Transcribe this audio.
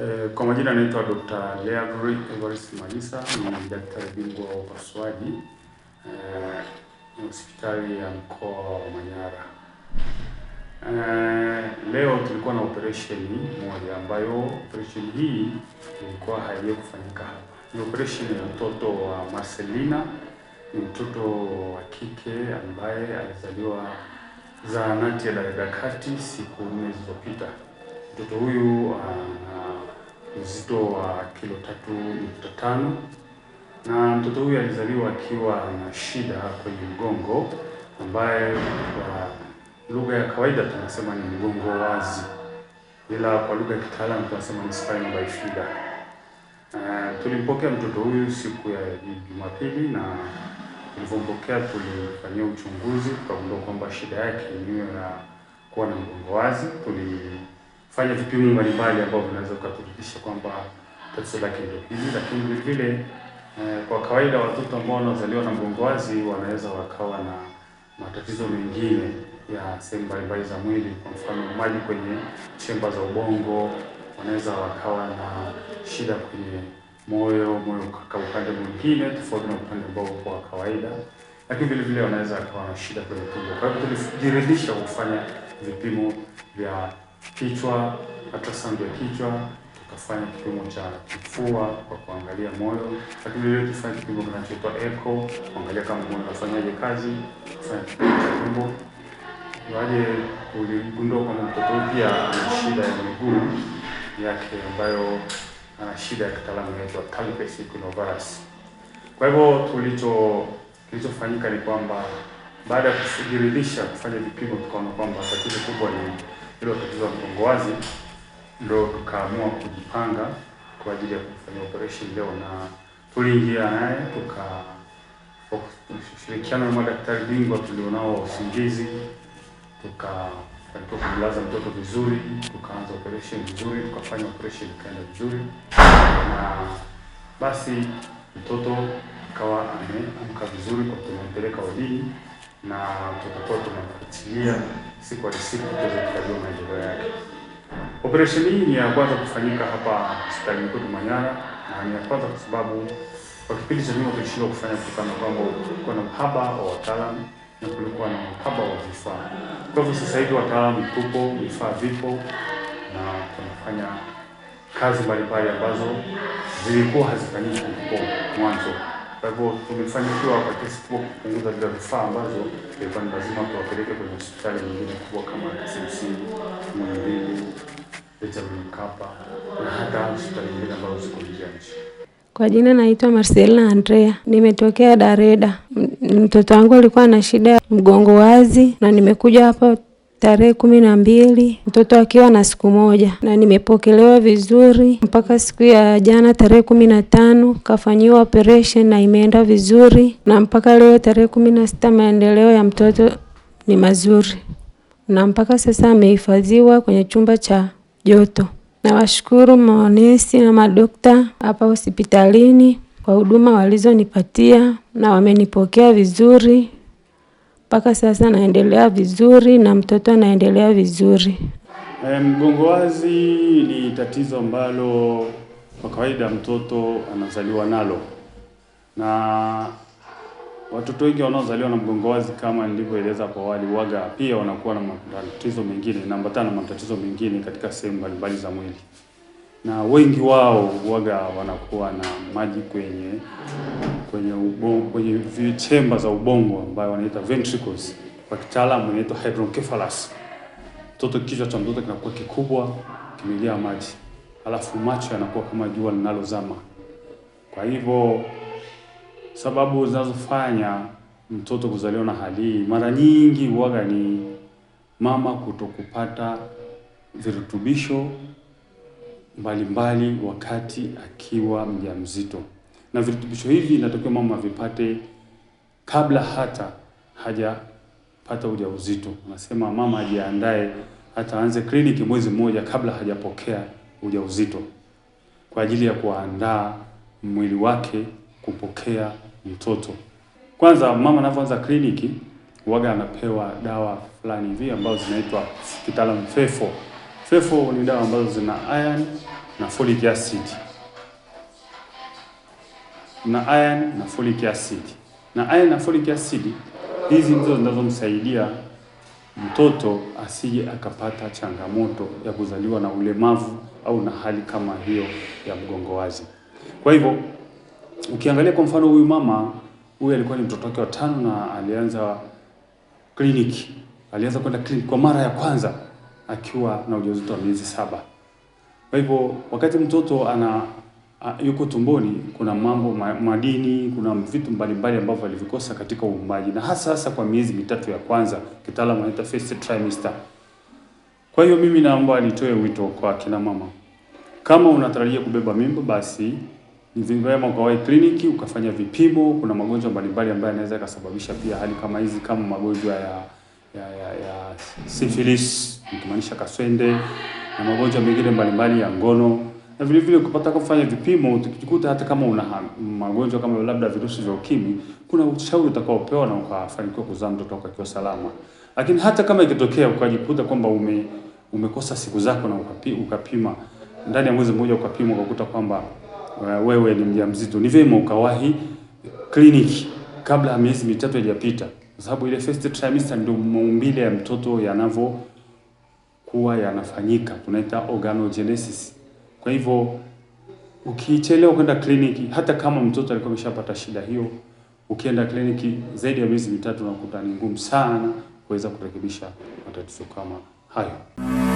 Eh, kwa majina anaitwa Dr. Leagri Evarist Malisa, ni daktari bingwa wa upasuaji eh, hospitali ya mkoa wa Manyara. Eh, leo tulikuwa na operesheni moja ambayo operation hii ilikuwa haijawahi kufanyika hapa. Ni operation ya mtoto wa Marcelina, ni mtoto wa kike ambaye alizaliwa zahanati ya Daredakati siku nne zilizopita. Mtoto huyu uh, uzito wa kilo tatu nukta tano na mtoto huyu alizaliwa akiwa na shida kwenye mgongo ambaye kwa lugha ya kawaida tunasema ni mgongo wazi, ila kwa lugha ya kitaalamu tunasema ni spina bifida. Uh, tulimpokea mtoto huyu siku ya Jumapili na tulivyompokea tulifanyia uchunguzi tukagundua kwamba shida yake ni ya kuwa na mgongo wazi tuli fanya vipimo mbalimbali ambavyo vinaweza kuthibitisha kwamba tatizo lake ndio hili, lakini vile vile eh, kwa kawaida watoto ambao wanazaliwa na mgongo wazi wanaweza wakawa na matatizo mengine ya sehemu mbalimbali za mwili, kwa mfano maji kwenye chemba za ubongo, wanaweza wakawa na shida kwenye moyo, moyo kwa upande mwingine tofauti na upande ambao kwa kawaida, lakini vile vile wanaweza wakawa na shida kwenye tumbo. Kwa hivyo tulijiridhisha kufanya vipimo vya kichwa, atasambia kichwa, tukafanya kipimo cha kifua kwa kuangalia moyo, lakini vile tufanya kipimo kinachoitwa echo kuangalia kama moyo unafanyaje kazi, kufanya kipimo cha tumbo waje uligundua kwamba mtoto pia ana shida ya miguu yake ambayo ana shida ya kitaalamu inaitwa talipes equinovarus. Kwa hivyo tulicho kilichofanyika ni kwamba baada ya kujiridhisha kufanya vipimo, tukaona kwamba tatizo kubwa ni hilo tatizo la mgongo wazi, ndo tukaamua kujipanga kwa ajili ya kufanya operation leo, na tuliingia naye tuka shirikiana na madaktari bingwa tulionao wa usingizi, tukafanikiwa kumlaza mtoto vizuri, tukaanza operation vizuri, tukafanya operation ikaenda vizuri, na basi mtoto akawa ameamka vizuri kwa kumpeleka wadini na tutakuwa tunafuatilia siku hadi siku kuweza kukagua maendeleo yake. Operesheni hii ni ya kwanza kufanyika hapa hospitali kwetu Manyara na ni ya kwanza kwa sababu kwa kipindi cha nyuma tulishindwa kufanya kutokana na kwamba kulikuwa na uhaba wa wataalamu na kulikuwa na uhaba wa vifaa. Kwa hivyo sasa hivi wataalamu tupo, vifaa vipo na tunafanya kazi mbalimbali ambazo zilikuwa hazifanyiki huko mwanzo. Kwa hivyo tumefanikiwa kwa kiasi kikubwa kupunguza vile vifaa ambazo ilikuwa ni lazima tuwapeleke kwenye hospitali nyingine kubwa kama KCMC, Muhimbili, Benjamin Mkapa na hata hospitali nyingine ambazo ziko nje ya nchi. Kwa jina naitwa Marcelina Andrea, nimetokea Dareda. Mtoto wangu alikuwa na shida ya mgongo wazi, na nimekuja hapa tarehe kumi na mbili mtoto akiwa na siku moja, na nimepokelewa vizuri mpaka siku ya jana tarehe kumi na tano kafanyiwa operation na imeenda vizuri, na mpaka leo tarehe kumi na sita maendeleo ya mtoto ni mazuri, na mpaka sasa amehifadhiwa kwenye chumba cha joto. Nawashukuru maonesi na madokta hapa hospitalini kwa huduma walizonipatia na wamenipokea vizuri mpaka sasa naendelea vizuri na mtoto anaendelea vizuri. mgongowazi eh, mgongo wazi ni tatizo ambalo kwa kawaida mtoto anazaliwa nalo, na watoto wengi wanaozaliwa na mgongo wazi kama nilivyoeleza kwa awali, waga pia wanakuwa na matatizo mengine, naambatana na matatizo mengine katika sehemu mbalimbali za mwili, na wengi wao waga wanakuwa na maji kwenye kwenye ubongo, kwenye vichemba za ubongo ambayo wanaita ventricles, kwa kitaalamu inaitwa hydrocephalus. Mtoto, kichwa cha mtoto kinakuwa kikubwa, kimejaa maji, alafu macho yanakuwa kama jua linalozama. Kwa hivyo sababu zinazofanya mtoto kuzaliwa na hali hii mara nyingi huwaga ni mama kutokupata virutubisho mbalimbali wakati akiwa mjamzito na virutubisho hivi inatakiwa mama avipate kabla hata hajapata ujauzito. Anasema mama ajiandae hata aanze kliniki mwezi mmoja kabla hajapokea ujauzito kwa ajili ya kuandaa mwili wake kupokea mtoto. Kwanza mama anapoanza kliniki waga anapewa dawa fulani hivi ambazo zinaitwa kitaalamu fefo. Fefo ni dawa ambazo zina iron na folic acid na iron na folic acid, na iron na folic acid hizi ndizo zinazomsaidia mtoto asije akapata changamoto ya kuzaliwa na ulemavu au na hali kama hiyo ya mgongo wazi. Kwa hivyo ukiangalia kwa mfano, huyu mama huyu alikuwa ni mtoto wake wa tano na alianza kliniki, alianza kwenda kliniki kwa mara ya kwanza akiwa na ujauzito wa miezi saba. Kwa hivyo wakati mtoto ana uh, yuko tumboni, kuna mambo ma, madini, kuna vitu mbalimbali ambavyo alivikosa katika uumbaji, na hasa hasa kwa miezi mitatu ya kwanza, kitaalamu anaita first trimester. Kwa hiyo mimi naomba nitoe wito kwa kina mama, kama unatarajia kubeba mimba, basi ni vyema ukawahi kliniki ukafanya vipimo. Kuna magonjwa mbalimbali ambayo yanaweza kusababisha pia hali kama hizi, kama magonjwa ya ya, ya, ya syphilis, nikimaanisha kaswende na magonjwa mengine mbalimbali ya ngono na vile vile ukipataka kufanya vipimo ukijikuta hata kama una magonjwa kama labda virusi vya ukimwi, kuna ushauri utakaopewa na ukafanikiwa kuzaa mtoto wako akiwa salama. Lakini hata kama ikitokea ukajikuta kwamba ume, umekosa siku zako na ukapi, ukapima ndani ya mwezi mmoja ukapima ukakuta kwamba eh, wewe ni mjamzito, ni vyema ukawahi kliniki kabla ya miezi mitatu haijapita, kwa sababu ile first trimester ndio maumbile ya mtoto yanavyokuwa yanafanyika, tunaita organogenesis. Kwa hivyo ukichelewa kwenda kliniki, hata kama mtoto alikuwa ameshapata shida hiyo, ukienda kliniki zaidi ya miezi mitatu, unakuta ni ngumu sana kuweza kurekebisha matatizo kama hayo.